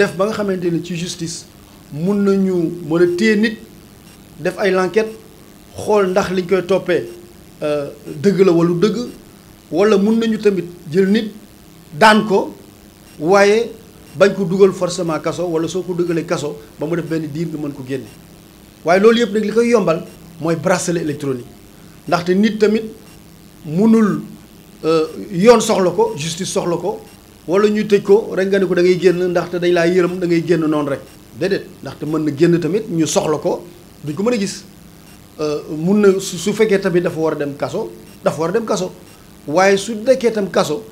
def ba nga xamante ni ci justice mun nañu mën a téye nit def ay enquête xool ndax liñ koy toppee euh, dëgg la wala dëgg wala mun nañu tamit jël nit daan ko waaye bañ ko dugal forcément kaso wala soo ko dëggalee kaso ba mu def benn diir nga mën ko génne waaye loolu yëpp nag li koy yombal mooy bracelet électronique ndaxte nit tamit munul euh, yoon soxla ko justice soxla ko. wala ñu tëj ko rek nga ne ko da ngay génn ndaxte dañ laa yërëm da ngay génn noonu rek déedéet ndaxte mën na génn tamit ñu soxla ko duñ ko mën a gis euh, mun na su fekkee tamit dafa war a dem kaso dafa war a dem kaso waaye su nekkee tam kaso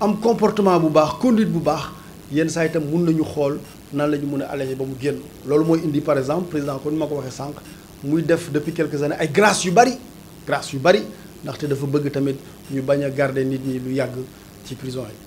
am comportement bu baax conduite bu baax yenn saa itam mun nañu xool nan lañu mun a allégé ba mu génn loolu mooy indi par exemple président kon ni ma ko waxee sànq muy def depuis quelques années ay grâce yu bari grâce yu bari ndaxte dafa bëgg tamit ñu bañ a garder nit ñi lu yàgg ci prison yi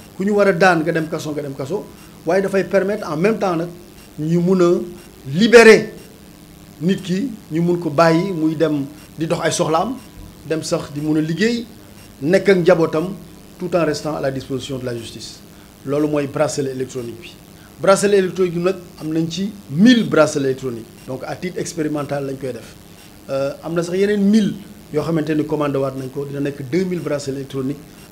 ku ñu war a daan nga dem kaso nga dem kaso waaye dafay permettre en même temps nag ñu mun a libérer nit ki ñu mun ko bàyyi muy dem di dox ay soxlaam dem sax di mun a liggéey nekk ak njabootam tout en restant à la disposition de la justice loolu mooy bracelet électronique bi. bracelet électronique bi nag am nañ ci 1000 bracelets électroniques donc à titre expérimental lañ koy def euh, am na sax yeneen 1000 yoo xamante ni commandé waat nañ ko dina nekk 2000 bracelets électroniques.